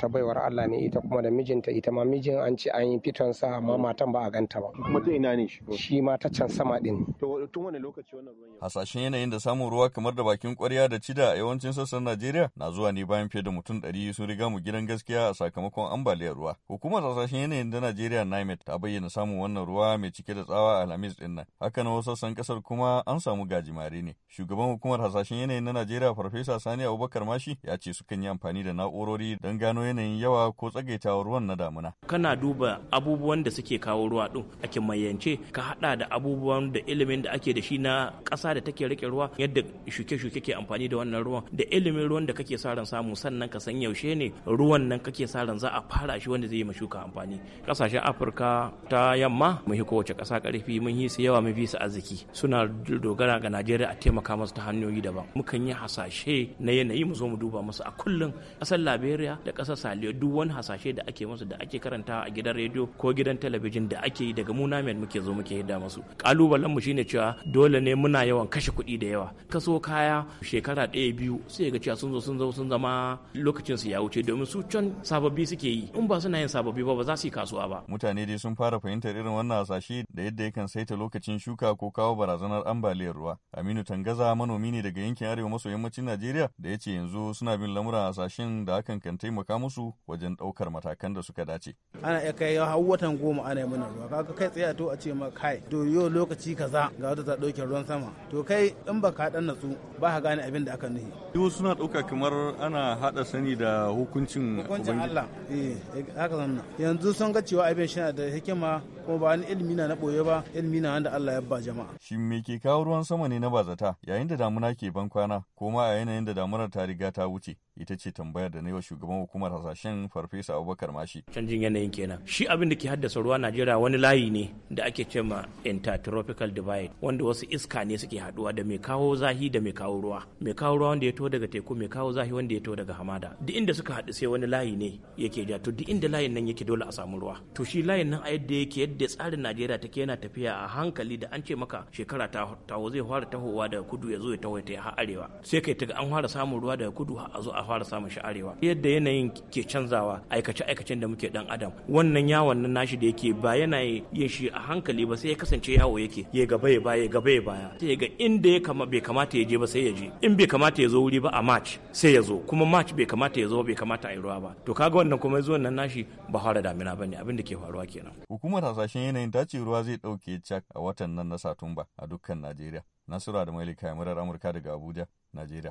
ta baiwar Allah ne ita kuma da mijinta ita ma mijin an ce an yi fiton sa amma matan ba a ganta ba kuma ta ina ne shi ma ta can sama din to tun wani lokaci wannan ruwan hasashen yanayin da samun ruwa kamar da bakin kwarya da cida a yawancin sassan Najeriya na zuwa ne bayan fiye da mutum 100 sun riga mu gidan gaskiya a sakamakon ambaliyar ruwa hukumar hasashen yanayin da Najeriya NIMET ta bayyana samun wannan ruwa mai cike da tsawa a Alhamis din nan haka na wasu sassan kasar kuma an samu gajimare ne shugaban hukumar hasashen yanayin na Najeriya farfesa Sani Abubakar Mashi ya ce sukan yi amfani da na'urori don gano yanayin yawa ko tsagaitawar ruwan na damuna. Kana duba abubuwan da suke kawo ruwa ɗin a kimayyance ka haɗa da abubuwan da ilimin da ake da shi na ƙasa da take rike ruwa yadda shuke-shuke ke amfani da wannan ruwan da ilimin ruwan da kake sa ran samu sannan ka san yaushe ne ruwan nan kake sa ran za a fara shi wanda zai yi ma shuka amfani. Ƙasashen Afirka ta yamma mun yi kowace ƙasa ƙarfi mun yi su yawa mun fi su arziki suna dogara ga Najeriya a taimaka masu ta hanyoyi daban. Mukan yi hasashe na yanayi mu zo mu duba musu a kullum ƙasar Liberia da ƙasar saliyo duk wani hasashe da ake musu da ake karantawa a gidan rediyo ko gidan talabijin da ake yi daga muna muke zo muke hidda musu kalubalen mu shine cewa dole ne muna yawan kashe kuɗi da yawa kaso kaya shekara ɗaya biyu sai ga cewa sun zo sun zo sun zama lokacin su ya wuce domin su can sababbi suke yi in ba suna yin sababbi ba ba za su yi kasuwa ba mutane dai sun fara fahimtar irin wannan hasashe da yadda yakan saita lokacin shuka ko kawo barazanar ambaliyar ruwa aminu tangaza manomi ne daga yankin arewa maso yammacin najeriya da ya ce yanzu suna bin lamuran hasashen da hakan kan taimaka musu musu wajen ɗaukar matakan da suka dace. Ana iya kai hau watan goma ana mana ruwa kaga kai tsaye to a ce ma kai to yau lokaci kaza ga wata ta ɗauke ruwan sama to kai in ba ka ɗan natsu ba ka gane abin da aka nuhi. Yau suna ɗauka kamar ana haɗa sani da hukuncin Hukuncin Allah eh haka zanna yanzu sun ga cewa abin shi da hikima kuma ba ni ilimi na na ɓoye ba ilimi na wanda Allah ya ba jama'a. Shi me ke kawo ruwan sama ne na bazata yayin da damuna ke ban kwana ko ma a yanayin da damunar ta riga ta wuce. ita ce tambayar da na yau shugaban hukumar hasashen farfesa abubakar mashi canjin yanayin kenan shi abin da ke haddasa ruwa najeriya wani layi ne da ake ce ma intertropical divide wanda wasu iska ne suke haduwa da mai kawo zahi da mai kawo ruwa mai kawo ruwa wanda ya to daga teku mai kawo zahi wanda ya to daga hamada duk inda suka haɗu sai wani layi ne yake ja to duk inda layin nan yake dole a samu ruwa to shi layin nan a yadda yake yadda tsarin najeriya take yana tafiya a hankali da an ce maka shekara ta taho zai fara tahowa daga kudu ya zo ya tawaita ya har arewa sai kai ta an fara samun ruwa daga kudu a zo a fara samun shi arewa yadda yanayin ke canzawa aikace aikacen da muke dan adam wannan yawon wannan nashi da yake ba yana yin shi a hankali ba sai ya kasance yawo yake ya gaba ya baya gaba ya baya sai ga inda ya bai kamata ya je ba sai ya je in bai kamata ya zo wuri ba a march sai ya zo kuma march bai kamata ya zo bai kamata a yi ruwa ba to kaga wannan kuma zuwan nan nashi ba fara damina bane abin da ke faruwa kenan hukumar hasashen yanayin ta ce ruwa zai dauke cak a watan nan na satumba a dukkan najeriya nasura da mailika murar amurka daga abuja najeriya